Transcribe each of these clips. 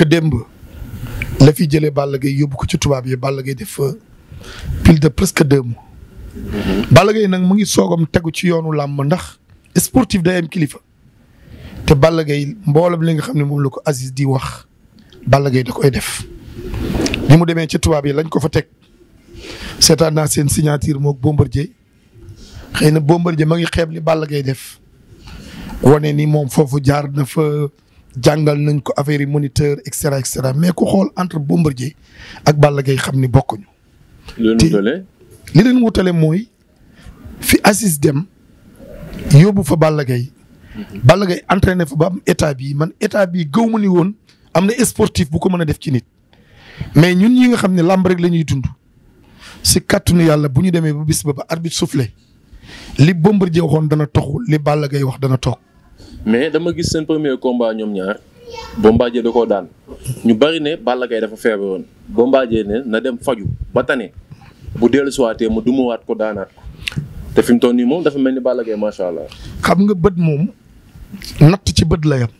que démb la fi jëlee Balla Gaye yóbbu ko ci tubaab yi Balla Gaye def pile de presque deux mois. Mm-hmm. Balla nag mu ngi soogam tegu ci yoonu làmb ndax sportif day am kilifa. te Balla gay mboolem li nga xam ne moom la ko Aziz di wax Balla Gaye da koy def bi mu demee ci tubaab yi lañ ko fa teg seetaan naa seen signature moog Bombardier xëy na Bombardier ma ngi xeeb li Balla gay def wane ni moom foofu jaar na fa. jàngal nañ ko affaire yi moniteur et cetera et cetera mais ku xool entre Bombardier ak Balla gay xam ni bokkuñu. te li leen wutale mooy fi Aziz dem yóbbu fa Balla Gaye. Mhm. Balla Gaye entraîné fa ba am état bii man état bii gëw ma ni woon am na sportif bu ko mën a def ci nit. mais ñun ñi nga xam ne làmb rek la dund si kàttanu yàlla bu ñu demee ba bis ba ba arbitre soufflé li Bombardier waxoon dana toxu li Balla gay wax dana toog. mais dama gis seen premier combat ñoom ñaar Bombardier da koo daan ñu bari ne Balla Gaye dafa feebaroon Bombardier ne na dem faju ba tane bu dellu siwaatee mu dumuwaat ko daanaat te fi mu toll nii moom dafa mel ni Balla Gaye allah. xam nga bët moom natt ci bët la yam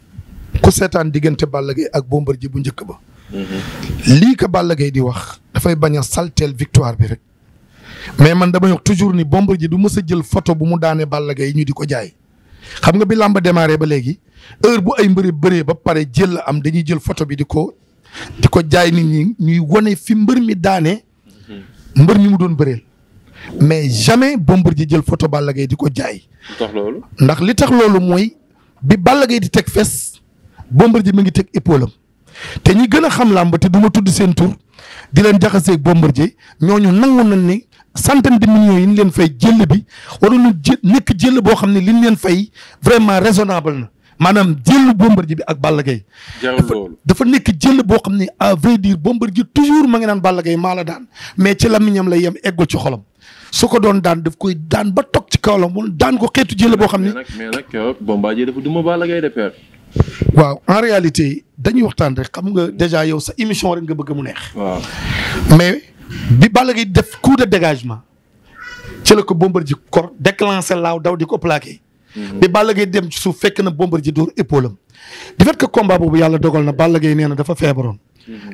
ku seetaan diggante Balla Gaye ak Bombardier bu njëkk ba. Mhm. lii ko Balla Gaye di wax dafay bañ a salteel victoire bi rek mais man dama yox toujours ni Bombardier du mës a jël photo bu mu daanee Balla Gaye ñu di ko jaay. xam nga bi làmb démarré ba léegi heure bu ay mbëri bëree ba pare jël la am dañuy jël photo bi di ko di ko jaay nit ñi ñuy wane fi mbër mi daane mbër mi mu doon bëreel mais jamais ji jël photo Balla Gaye di ko jaay. loolu ndax li tax loolu mooy bi Balla Gaye di teg fes ji mi ngi teg épaule te ñi gën a xam làmb te du ma tudd seen tur di leen jaxaseeg Bombardier ñooñu nangu na ni centaine de millions yi ñu leen fay jël bi waroon na jë nekk jël boo xam ne li leen fay vraiment raisonnable na maanaam jël bombar Bombardier bi ak Balla Gaye dafa nekk jël boo xam ne à vrai dire Bombardier toujours ma ngi naan Balla Gaye maa la daan mais ci làmmiñam lay yem eggul ci xolam su ko doon daan daf koy daan ba toog ci kawlam wala daan ko xeetu jël boo xam ne. mais nag mais nag Bombardier dafa duma Balla Gaye de père. waaw en réalité dañuy waxtaan rek xam nga déjà yow sa émission rek nga bëgg mu neex. waaw mais. bi Balla Gaye def coup de dégagement ci la ko bombar ji kor déclenché laaw daw di ko plaqué. bi Balla Gaye dem ci suuf fekk na bombar ji dóor épaule am. di fait que combat boobu yàlla dogal na Balla Gaye nee na dafa feebaroon.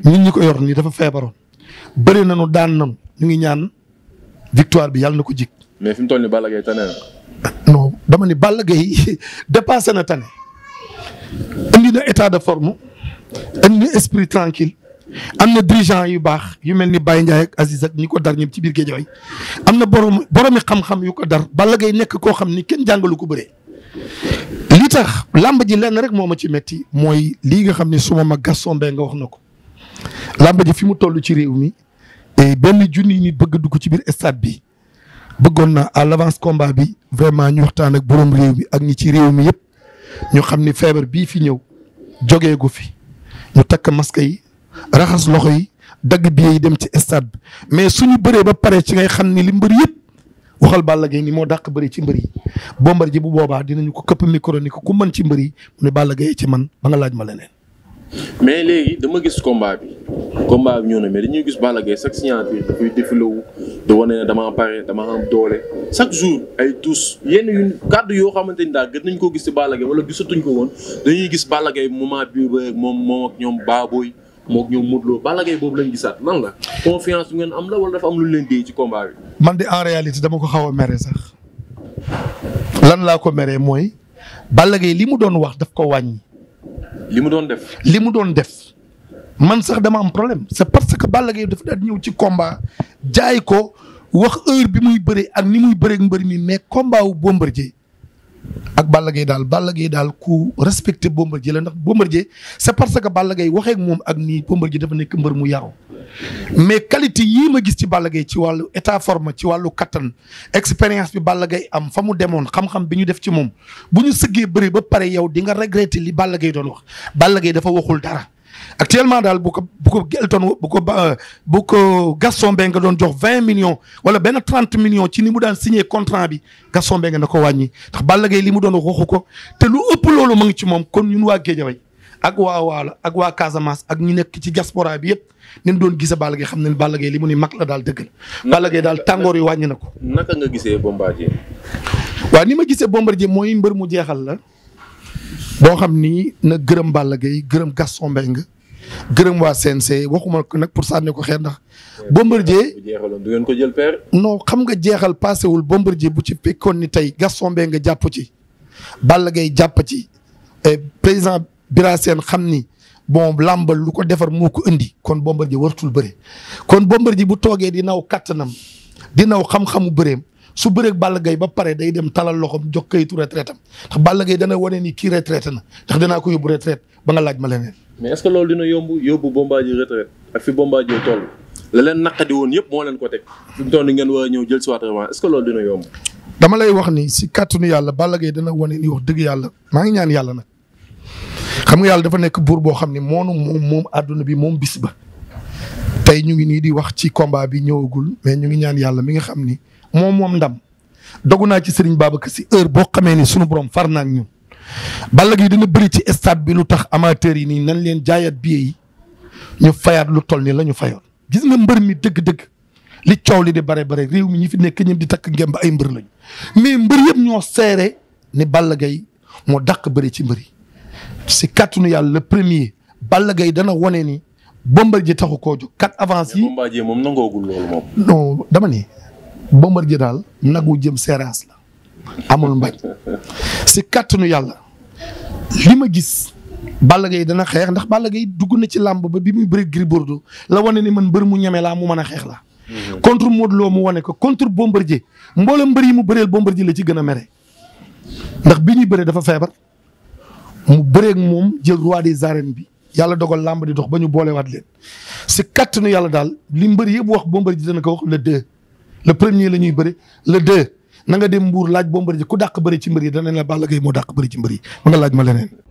ñun ñi ko yor nii dafa feebaroon. bëri nañu daan nañu ñu ngi ñaan victoire bi yàlla na ko jig. mais fi mu toll Balla Gaye tane dama ni Balla Gaye dépassé na tane. indi na état de forme indi esprit tranquille am na dirigeant yu baax yu mel ni Baye Ndiaye ak Aziz ak ñi ko dar ñu ci biir Guédiawaye am na borom boromi xam-xam yu ko dar Balla Gaye nekk koo xam ni kenn jàngalu ko bëree. li tax làmb ji lenn rek moom ma ci metti mooy lii nga xam ne suma mag Gaston Mbengue nga wax na ko làmb ji fi mu toll ci réew mi e benn junni nit bëgg dugg ci biir stade bi bëggoon na à l'avance combat bi vraiment ñu waxtaan ak borom réew mi ak ñi ci réew mi yëpp ñu xam ni feebar bii fi ñëw jógee gu fi ñu takk masque yi raxas loxo yi dagg billet yi dem ci stade bi mais suñu bëree ba pare ci ngay xam ni li mbër yëpp waxal Balla Gaye ni moo dàq bëri ci mbër yi Bombardier bu boobaa dinañu ko këpp micro ni ko ku mën ci mbër yi mu ne Balla Gaye ci man ba nga laaj ma leneen. mais léegi dama gis combat bi combat bi ñëw na mais dañuy gis Balla Gaye chaque signature dafay défilé wu di wane ne dama pare dama am doole chaque jour ay tous yenn yu kàddu yoo xamante ni daal gën nañ koo gis ci Balla Gaye wala gisatuñ ko woon dañuy gis Balla Gaye bii ba moom moom ak ñoom baabooy moog ñoom Modou Lo Balla Gaye boobu lañ gisaat lan la confiance bu ngeen am la wala dafa am lu leen dee ci combat bi. man de en dama ko xaw mere sax lan laa ko meree mooy Balla Gaye li mu doon wax daf ko wàññi. li mu doon def. li mu doon def man sax dama am problème c'est parce que Balla Gaye dafa daan ñëw ci combat jaay ko wax heure bi muy bëree ak ni muy bëree mbër mi mais combat wu Bombardier ak Balla Gaye daal Balla Gaye daal ku respecté Bombardier la ndax Bombardier c'est parce que Balla Gaye waxee ak moom ak nii Bombardier dafa nekk mbër mu yaru mais qualité yii ma gis ci Balla Gaye ci wàllu état forme ci wàllu kattan expérience bi Balla Gaye am fa mu demoon xam-xam bi ñu def ci moom bu ñu sëggee bëri ba pare yow di nga regretter li Balla gay doon wax Balla Gaye dafa waxul dara. actuellement daal bu ko bu ko Elton bu ko euh, bu ko Gaston Mbengue doon jox vingt millions wala benn trente millions ci ni mu daan signé contrat bi Gaston Mbengue na ko wàññi ndax Balla li mu doon waxu ko te lu ëpp loolu mu ngi ci moom kon ñun waa Guédiawaye ak waa ak waa Casamance ak ñu nekk ci diaspora bi yëpp nañ doon gis Balla Gaye xam ne Balla li mu ni mag la daal dëgg la. daal tàngoor yi wàññi na ko. naka nga gisee Bombardier. waaw ni ma gisee Bombardier mooy mbër mu jeexal la. boo xam ni na gërëm Balla gay gërëm Gaston nga gërëm waa CNC waxuma ko nag pour sànni ko xeer ndax. Bombardier jeexaloon du xam nga jeexal paasewul Bombardier bu ci fekkoon ni tey Gaston nga jàpp ci. Balla Gaye jàpp ci président Bira Sène xam ni bon làmbal lu ko defar moo ko indi kon Bombardier wartul bëre kon ji bu toogee di naw kattanam di naw xam-xamu bëreem. su bëreeg Balla Gaye ba pare day dem talal loxom jox kayitu retraite Balla Gaye dana wane ni kii retraite na ndax danaa ko yóbbu retraite ba nga laaj ma leneen. mais est loolu dina yomb yóbbu Bombardier retraite ak la leen naqadi woon yëpp moo leen ko teg fi mu ngeen war a jël si waat revanche est-ce que loolu dama lay wax ni si kàttanu yàlla Balla Gaye dana wane ni wax dëgg yàlla maa ngi ñaan yàlla na xam nga yàlla dafa nekk buur boo xam ne moonu moom moom àdduna bi moom bis ba tey ñu ngi nii di wax ci combat bi ñëwagul mais ñu ngi ñaan yàlla mi nga xam ni moom moom ndam dogu naa ci Serigne Babacar si heure boo xamee ni sunu borom far na ak ñun. Balla Gaye dana bëri ci stade bi lu tax amateur yi nii nañ leen jaayaat bi yi ñu fayaat lu toll ni la ñu fayoon gis nga mbër mi dëgg-dëgg li coow li di bare bare réew mi ñi fi nekk ñëpp di takk ngemb ay mbër lañu mais mbër yëpp ñoo seere ni Balla Gaye moo dàq bëri ci mbër yi si kàttanu yàlla le premier Balla Gaye dana wone ni Bombardier taxu koo jóg quatre avance yi Bombardier moom nangoogul loolu moom dama ni Bombardier daal nag wu jëm seeraas la amul mbañ si kàttanu yàlla li ma gis Balla Gaye dana xeex ndax Balla yi dugg na ci làmb ba bi muy bëri Gris Bordeaux la wane ni man mbër mu ñeme laa mu mën a xeex la mhm. contre Modou mu wane ko contre Bombardier mboole mbër yi mu bëreel Bombardier la ci gën a mere ndax bi ñuy bëree dafa feebar mu bëreeg moom jël roi des arènes bi yàlla dogal làmb di dox ba ñu boolewaat leen si kàttanu yàlla daal li mbër yëpp wax Bombardier dana ko wax l le premier la ñuy bëri le deux na nga dem mbuur laaj boo mbëri ji ku dàq bëri ci mbër yi danañ la Balla Gaye moo dàq bëri ci mbër yi ma nga laaj ma leneen